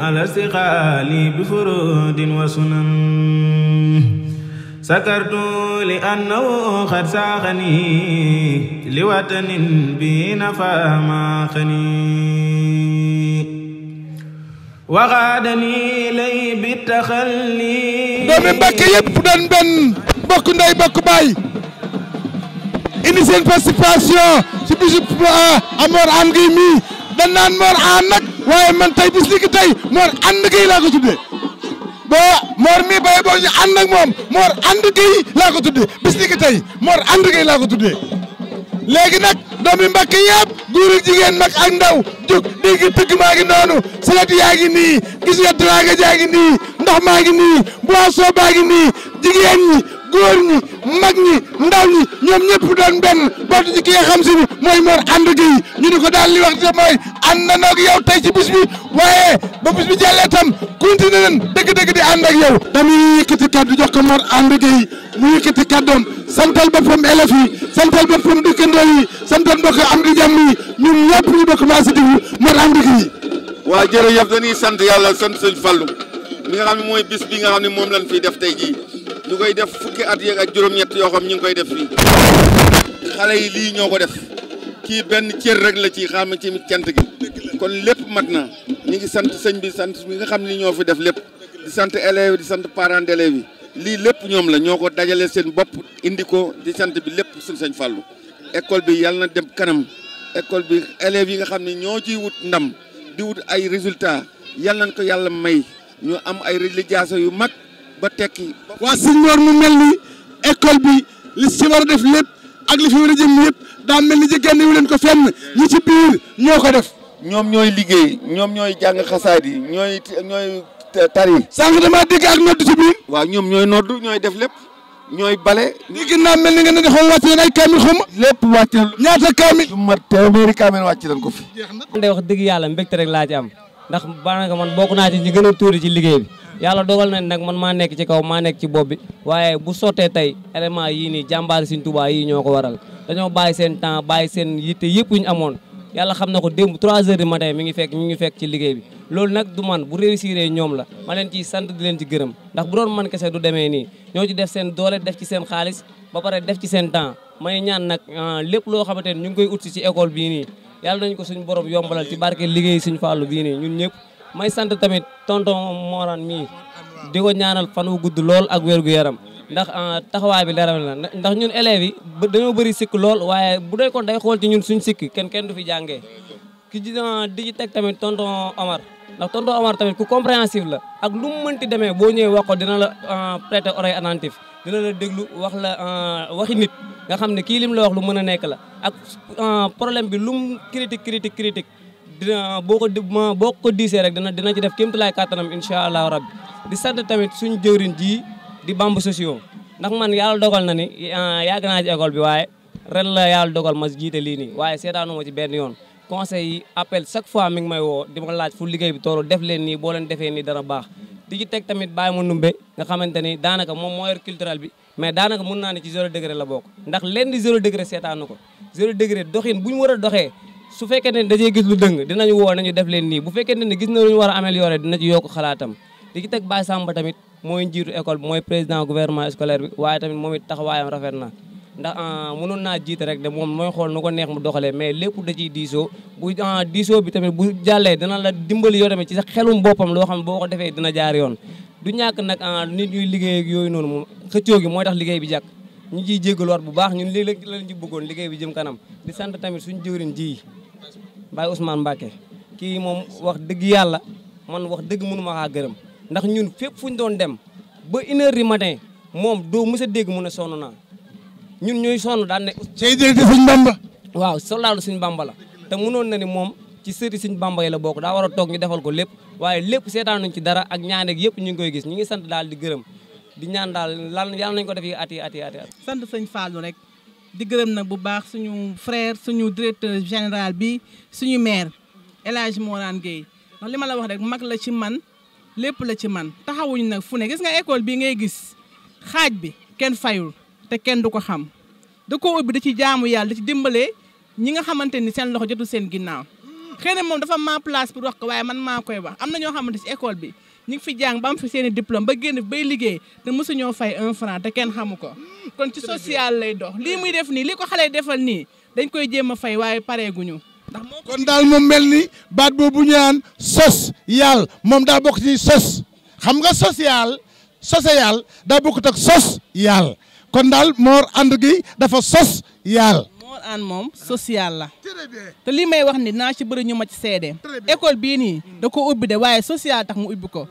على استقالي بفرود وسنن سكرت لأنه قد ساقني لوطن به نفى ماخني وغادني لي بالتخلي doomi Mbàkke yëpp doon benn bokk ndey bokk baay indi seen participation ci bisu Amor Hann gi mi dañ naan Mor Hann nag waaye man tey bis ni ki tey Mor ànd gay laa ko tuddee ba Mor mii bay boo ñu ànd ak moom Mor ànd gay laa ko tuddee bis ni ki tey Mor ànd gay laa ko tuddee léegi nag jigéen mag ak ndaw jóg dégg tëgg maa ngi noonu salade yaa nii gis nga jaa ngi nii ndox maa ngi nii boisson baa ngi nii jigéen ñi góor ñi mag ñi ndaw ñi ñoom ñëpp doon benn bootu ci ki nga ni mooy Mor ànd gi ñu ni ko daal li wax mooy ànd na nag yow tey ci bis bi waaye ba bis bi jàllee tam continué nañ dëgg-dëgg di ànd ak yow. dañuy yëkkati kàddu jox ko Mor ànd ak yi mu yëkkati kàddoom santal boppam élèves yi santal boppam dëkkandoo yi santal mbokk am di jàmm yi ñun ñëpp ñu bokk maa si déglu Mor sant yàlla sant sëñ Fallou mi nga xam ne mooy bis bi nga xam ne moom lañ fiy def tey jii ñu koy def fukki at yeeg ak juróom-ñett yoo xam ñu ngi koy def fii xale yi lii ñoo ko def. kii benn cër rek la ci xam ci cant gi kon lépp mat na ñu ngi sant sëñ bi sant bi nga xam ni ñoo fi def lépp di sant élèves di sant parents d'élèves yi lii lépp ñoom la ñoo ko dajalee seen bopp indi ko di sant bi lépp suñ sëñ Fallou école bi yàlla na dem kanam école bi élèves yi nga xam ne ñoo ciy wut ndam di wut ay résultats yàlla nañ ko yàlla may ñu am ay religiations yu mag ba tekki. waa sëñ mu mel ni école bi li si a def lépp. ak li fi war a jëm yëpp daa mel ni jigéen wu leen ko fenn ñi ci biir ñoo ko def. ñoom ñooy liggéey ñoom ñooy jàng xasaat yi ñooy ñooy tari. sànq damaa dégg ak nodd ci biir. waaw ñoom ñooy nodd ñooy def lépp ñooy bale. dégg naa mel ni nga ne xaw ma wàcc nañ ay kaamil xaw ma. lépp wàcc na ñaata kaamil. su ma téeméeri kaamil wàcc nañ ko fi. jeex na. wax dëgg yàlla mbégte rek laa am. ndax baanaka man bokk naa ci ñi gën a tuuti ci liggéey bi yàlla dogal na nag man maa nekk ci kaw maa nekk ci bopp bi waaye bu sottee tey élément yii nii jàmbaari Sëriñ Tuubaa yii ñoo ko waral dañoo bàyyi seen temps bàyyi seen yitte yëpp yu ñu amoon yàlla xam na ko démb trois heures du matin mi ngi fekk mi ngi fekk ci liggéey bi loolu nag du man bu réussir ñoom la ma leen ciy sant di leen ci gërëm ndax bu doon man kese du demee nii ñoo ci def seen doole def ci seen xaalis ba pare def ci seen temps may ñaan nag ah, lépp loo xamante ni ñu ngi koy ut si école bii nii yàlla nañ ko suñu borom yombalal ci barke liggéey suñu fàllu bii nii ñun ñëpp may sant tamit tonton Morane mii di ko ñaanal fan wu gudd lool ak wér yaram ndax ah, taxawaay bi dara la ndax ñun élèves yi dañoo bëri sikk lool waaye bu dee kon day xool ci ñun suñ sikk kenn kenn du fi jàngee ki ah, di ci teg tamit tonton Omar ndax tonton Omar tamit ku compréhensif la ak lu mu mënti demee boo ñëwee wax ko dina la ah, prêter oreille attentive dina la déglu wax la waxi nit nga xam ne kii lim la wax lu mën a nekk la ak euh, problème bi lum critique critique critique dina boo ko boo ko diisee rek dina dina ci def kéem tolluwaay kàttanam incha allahu rabbi di sant tamit suñu jëwriñ ji di bamb sociaux ndax man yàlla dogal na ni euh, yàgg naa ci école bi waaye ren la yàlla dogal ma jiite lii nii waaye seetaanu ma ci benn yoon conseil yi appel chaque fois mi ngi may woo di ma laaj fu liggéey bi toolu def leen nii boo leen defee nii dana baax di ci teg tamit Baye Mandoumbe nga xamante ni daanaka moom mooy yor bi mais daanaka mun naa ne ci zéro degré la bokk ndax leen di zéro degré seetaanu ko zéro degré doxin bu ñu war a doxee su fekkee ne dajee gis lu dëng dinañu woo nañu def leen nii bu fekkente ne gis na lu ñu war a améliorer dina ci yokk xalaatam di ci teg Baye Samba tamit mooy njiitu école bi mooy président gouvernement scolaire bi waaye tamit moom it taxawaayam rafet na ndax ah, mënoon naa jiite rek de moom mooy xool nu ko neex mu doxalee mais lépp da ciy diisoo bu ah, diisoo bi tamit bu jàllee dana la dimbali yoo tamit ci sa xelum boppam loo xam boo ko defee dina jaar yoon du ñàkk nag ah, nit ñuy liggéey ak yooyu noonu moom xëccoo gi mooy tax liggéey bi jàkk ñu ciy jégaluwaat bu baax ñun lii la lañ ci bëggoon liggéey bi kanam di sant tamit suñu jëwriñ ji Baye Ousmane Mbacke kii moom wax dëgg yàlla man wax dëgg mënu ma xaa gërëm ndax ñun fépp fu ñu doon dem ba une heure du moom doo mës a dégg mu ne sonn naa ñun ñooy sonn daan ne. Seydina Suñ Bamba. waaw soldaaru Suñ Bamba la te mënoon na ni moom ci sëri Suñ Bamba yi la bokk daa war a toog ñu defal ko lépp waaye lépp seetaanuñ ci dara ak ñaaneeg yëpp ñu ngi koy gis ñu ngi sant daal di gërëm di ñaan daal lan yàlla nañu ko def ati at yi at yi at sant sëñ Fallou rek di gërëm nag bu baax suñu frère suñu directeur général bi suñu maire El moo Morane Gueye ndax li ma la wax rek mag la ci man lépp la ci man taxawuñu nag fu ne gis nga école bi ngay gis xaaj bi kenn fayul te kenn du ko xam da ko ubbi da ci jaamu yàlla da ci dimbalee ñi nga xamante ni seen loxo jotul seen ginnaaw xëy moom dafa maa place pour wax ko waaye man maa koy wax am na ñoo xamante si école bi ñu ngi fi jàng ba fi seen i diplôme ba génn bay liggéey te mosuñoo fay un franc te kenn xamu ko kon ci social lay dox lii muy def nii li ko xale defal nii dañ koy jéem a fay waaye pareeguñu ndax moo kon daal moom mel ni baat boobu ñu naan sos yàlla moom daa bokk xam nga social social daa bokkut ak sos yàlla kon daal Mor ànd gi dafa sos yaal. Mor ànd moom social la. te li may wax ni naa ci bëri ñu ma ci seede. école bii nii da ko ubbi de waaye social tax mu ubbi ko.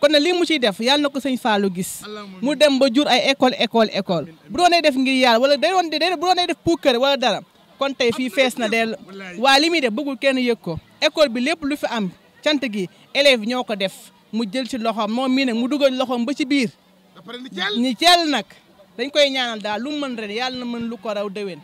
kon na lii mu ci def yàlla na ko sëñ Fallou gis mu dem ba jur ay école école école bu doonee def ngir wala day doon day bu doonee def puukare wala dara kon fii fees na dell waa li muy def bëggul kenn yëg ko école bi lépp lu fi am cant gi élèves ñoo ko def mu jël ci loxoom moom mii nag mu dugal loxoom ba ci biir ñi teel nag. dañ koy ñaanal daal lu mën ren yàlla na mën lu ko raw déwén